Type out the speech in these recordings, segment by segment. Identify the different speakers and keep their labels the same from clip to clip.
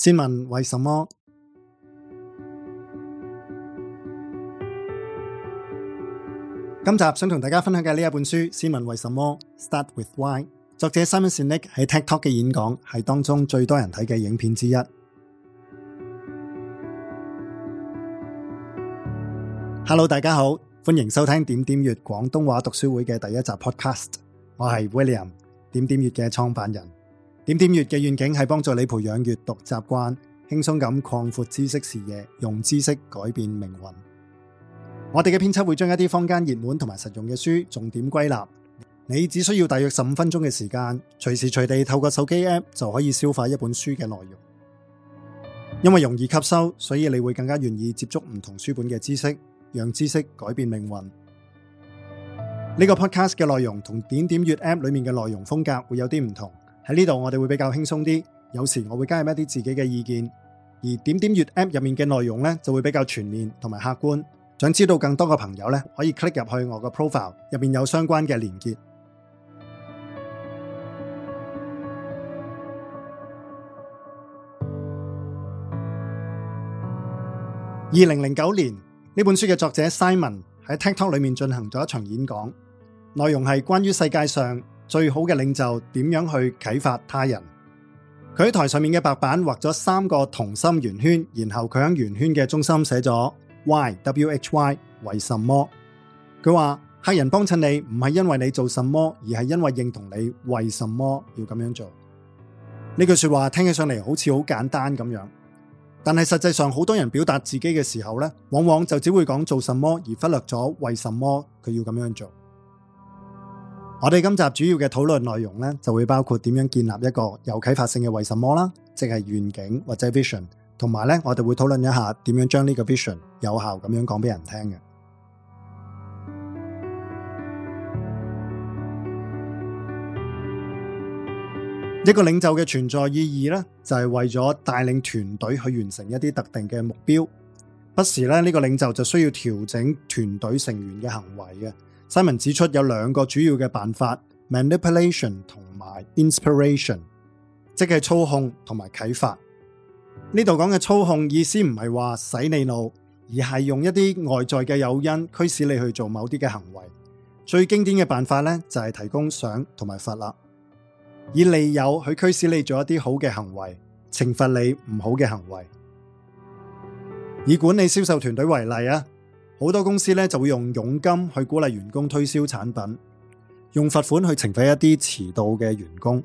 Speaker 1: 先問為什麼？今集想同大家分享嘅呢一本書，先問為什麼？Start with why。作者 Simon Sinek 喺 TikTok 嘅演講係當中最多人睇嘅影片之一。Hello，大家好，歡迎收聽點點粵廣東話讀書會嘅第一集 Podcast。我係 William，點點粵嘅創辦人。點點閱嘅願景係幫助你培養閱讀習慣，輕鬆咁擴闊知識視野，用知識改變命運。我哋嘅編輯會將一啲坊間熱門同埋實用嘅書重點歸納，你只需要大約十五分鐘嘅時間，隨時隨地透過手機 App 就可以消化一本書嘅內容。因為容易吸收，所以你會更加願意接觸唔同書本嘅知識，讓知識改變命運。呢個 Podcast 嘅內容同點點閱 App 裏面嘅內容風格會有啲唔同。喺呢度我哋會比較輕鬆啲，有時我會加入一啲自己嘅意見，而點點閱 App 入面嘅內容呢，就會比較全面同埋客觀。想知道更多嘅朋友呢，可以 click 入去我個 profile 入面有相關嘅連結。二零零九年呢本書嘅作者 Simon 喺 TikTok 裏面進行咗一場演講，內容係關於世界上。最好嘅領袖點樣去啟發他人？佢喺台上面嘅白板畫咗三個同心圓圈，然後佢喺圓圈嘅中心寫咗 Why，W H Y，為什麼？佢話客人幫襯你唔係因為你做什麼，而係因為認同你為什麼要咁樣做。呢句說話聽起上嚟好似好簡單咁樣，但係實際上好多人表達自己嘅時候呢，往往就只會講做什麼，而忽略咗為什麼佢要咁樣做。我哋今集主要嘅討論內容呢，就會包括點樣建立一個有啟發性嘅為什麼啦，即係願景或者 vision，同埋呢，我哋會討論一下點樣將呢個 vision 有效咁樣講俾人聽嘅。一個領袖嘅存在意義呢，就係為咗帶領團隊去完成一啲特定嘅目標。不時咧，呢個領袖就需要調整團隊成員嘅行為嘅。Simon 指出有兩個主要嘅辦法：manipulation 同埋 inspiration，即係操控同埋啟發。呢度講嘅操控意思唔係話洗你腦，而係用一啲外在嘅誘因驅使你去做某啲嘅行為。最經典嘅辦法呢，就係提供賞同埋罰，以利誘去驅使你做一啲好嘅行為，懲罰你唔好嘅行為。以管理銷售團隊為例啊。好多公司咧就會用佣金去鼓勵員工推銷產品，用罰款去懲罰一啲遲到嘅員工。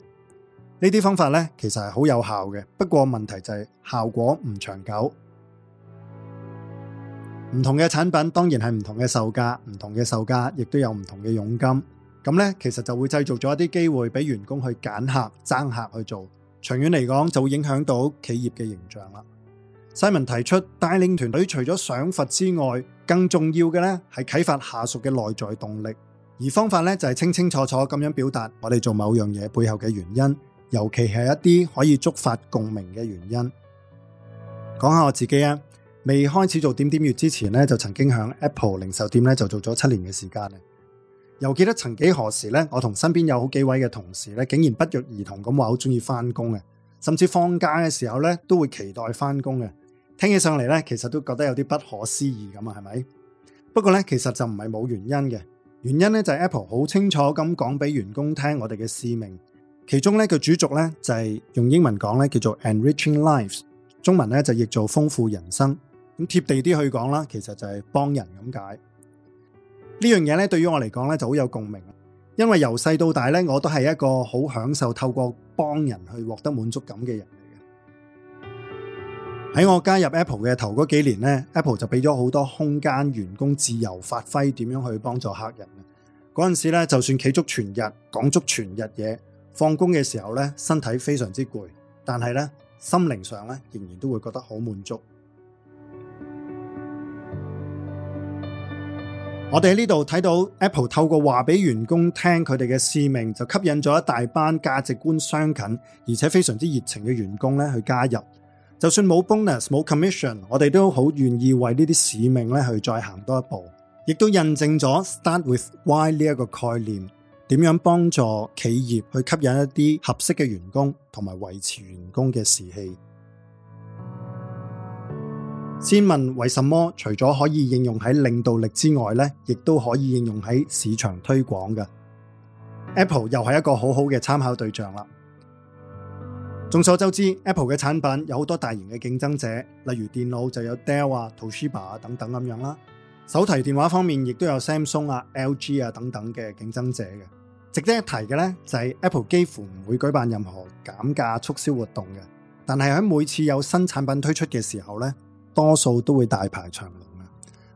Speaker 1: 呢啲方法咧其實係好有效嘅，不過問題就係效果唔長久。唔同嘅產品當然係唔同嘅售價，唔同嘅售價亦都有唔同嘅佣金。咁咧其實就會製造咗一啲機會俾員工去揀客、爭客去做，長遠嚟講就會影響到企業嘅形象啦。Simon 提出帶領團隊除咗賞罰之外，更重要嘅呢係啟發下屬嘅內在動力。而方法呢，就係清清楚楚咁樣表達我哋做某樣嘢背後嘅原因，尤其係一啲可以觸發共鳴嘅原因。講下我自己啊，未開始做點點閱之前呢，就曾經喺 Apple 零售店呢就做咗七年嘅時間啊。又記得曾幾何時呢，我同身邊有好幾位嘅同事呢，竟然不約而同咁話好中意翻工嘅，甚至放假嘅時候呢，都會期待翻工嘅。聽起上嚟咧，其實都覺得有啲不可思議咁啊，係咪？不過咧，其實就唔係冇原因嘅。原因咧就係 Apple 好清楚咁講俾員工聽，我哋嘅使命，其中咧個主軸咧就係用英文講咧叫做 Enriching Lives，中文咧就譯做豐富人生。咁貼地啲去講啦，其實就係幫人咁解。呢樣嘢咧，對於我嚟講咧就好有共鳴，因為由細到大咧，我都係一個好享受透過幫人去獲得滿足感嘅人。喺我加入 Apple 嘅頭嗰幾年呢，Apple 就俾咗好多空間員工自由發揮，點樣去幫助客人。嗰陣時呢，就算企足全日，講足全日嘢，放工嘅時候呢，身體非常之攰，但係呢，心靈上呢，仍然都會覺得好滿足。 我哋喺呢度睇到 Apple 透過話俾員工聽佢哋嘅使命，就吸引咗一大班價值觀相近而且非常之熱情嘅員工呢去加入。就算冇 bonus 冇 commission，我哋都好願意為呢啲使命咧去再行多一步，亦都印證咗 start with why 呢一個概念，點樣幫助企業去吸引一啲合適嘅員工，同埋維持員工嘅士氣。先問為什麼？除咗可以應用喺領導力之外咧，亦都可以應用喺市場推廣嘅。Apple 又係一個好好嘅參考對象啦。眾所周知，Apple 嘅產品有好多大型嘅競爭者，例如電腦就有 Dell 啊、Toshiba 啊，等等咁樣啦。手提電話方面亦都有 Samsung 啊、LG 啊，等等嘅競爭者嘅。值得一提嘅呢，就係 Apple 幾乎唔會舉辦任何減價促銷活動嘅，但係喺每次有新產品推出嘅時候呢，多數都會大排長龍啊。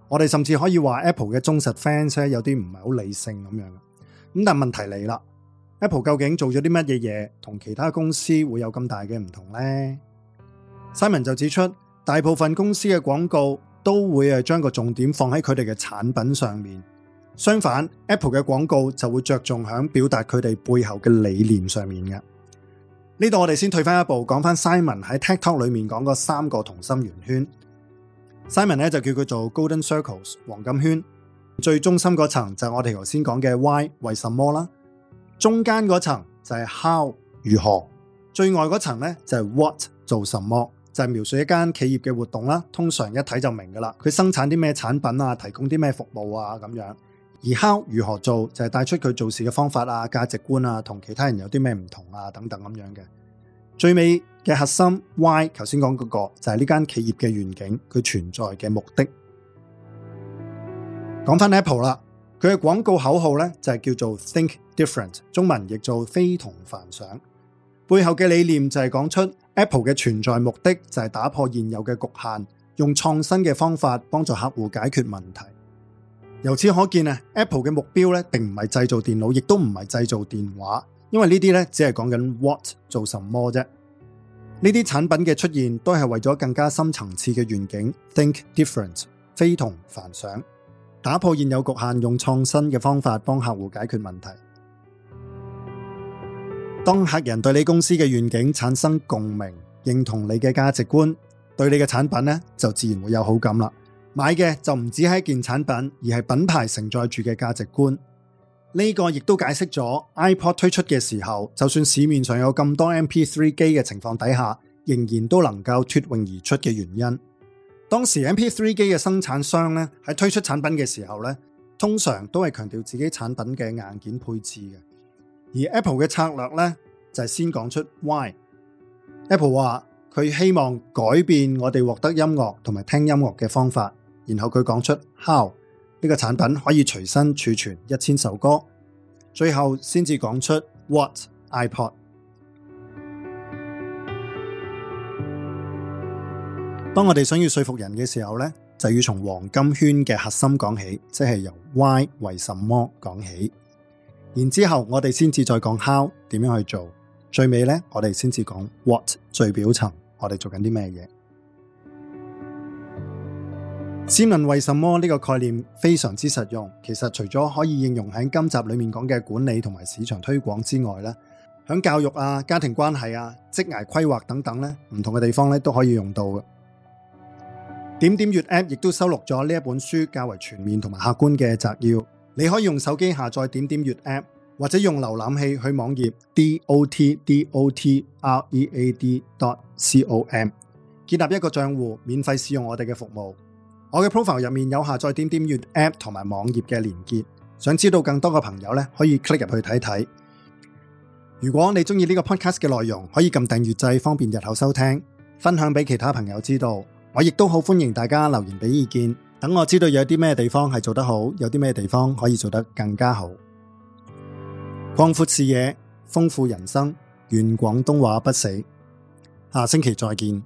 Speaker 1: 我哋甚至可以話 Apple 嘅忠實 fans 咧有啲唔係好理性咁樣啦。咁但係問題嚟啦。Apple 究竟做咗啲乜嘢嘢，同其他公司會有咁大嘅唔同呢？Simon 就指出，大部分公司嘅廣告都會係將個重點放喺佢哋嘅產品上面，相反，Apple 嘅廣告就會着重喺表達佢哋背後嘅理念上面嘅。呢度我哋先退翻一步，講翻 Simon 喺 TikTok 裏面講嗰三個同心圓圈。Simon 咧就叫佢做 Golden Circles 黃金圈，最中心嗰層就係我哋頭先講嘅 Why 為什麼啦。中間嗰層就係 how 如何，最外嗰層呢就係 what 做什麼，就係描述一間企業嘅活動啦。通常一睇就明噶啦，佢生產啲咩產品啊，提供啲咩服務啊咁樣。而 how 如何做就係帶出佢做事嘅方法啊、價值觀啊，同其他人有啲咩唔同啊等等咁樣嘅。最尾嘅核心 why，頭先講嗰個就係呢間企業嘅願景，佢存在嘅目的。講翻 Apple 啦。佢嘅廣告口號呢，就係叫做 Think Different，中文亦做非同凡想。背後嘅理念就係講出 Apple 嘅存在目的就係打破現有嘅局限，用創新嘅方法幫助客戶解決問題。由此可見啊，Apple 嘅目標呢，並唔係製造電腦，亦都唔係製造電話，因為呢啲呢，只係講緊 what 做什麼啫。呢啲產品嘅出現都係為咗更加深層次嘅願景 Think Different，非同凡想。打破現有局限，用創新嘅方法幫客戶解決問題。當客人對你公司嘅願景產生共鳴，認同你嘅價值觀，對你嘅產品咧就自然會有好感啦。買嘅就唔止係一件產品，而係品牌承載住嘅價值觀。呢個亦都解釋咗 iPod 推出嘅時候，就算市面上有咁多 MP3 機嘅情況底下，仍然都能夠脫穎而出嘅原因。當時 MP3 機嘅生產商咧喺推出產品嘅時候咧，通常都係強調自己產品嘅硬件配置嘅。而 Apple 嘅策略咧就係先講出 Why，Apple 話佢希望改變我哋獲得音樂同埋聽音樂嘅方法，然後佢講出 How 呢個產品可以隨身儲存一千首歌，最後先至講出 What iPod。當我哋想要說服人嘅時候呢，就要從黃金圈嘅核心講起，即係由 Why 為什麼講起，然之後我哋先至再講 How 點樣去做，最尾呢，我哋先至講 What 最表層，我哋做緊啲咩嘢？先問為什麼呢個概念非常之實用。其實除咗可以應用喺今集裏面講嘅管理同埋市場推廣之外呢，響教育啊、家庭關係啊、職涯規劃等等呢，唔同嘅地方呢都可以用到嘅。點點閱 App 亦都收錄咗呢一本書較為全面同埋客觀嘅摘要。你可以用手機下載點點閱 App，或者用瀏覽器去網頁 dot dot read dot com 建立一個賬戶，免費使用我哋嘅服務。我嘅 profile 入面有下載點點閱 App 同埋網頁嘅連結。想知道更多嘅朋友呢，可以 click 入去睇睇。如果你中意呢個 podcast 嘅內容，可以撳訂閱掣，方便日後收聽，分享俾其他朋友知道。我亦都好歡迎大家留言俾意見，等我知道有啲咩地方係做得好，有啲咩地方可以做得更加好，擴闊視野，豐富人生，願廣東話不死。下星期再見。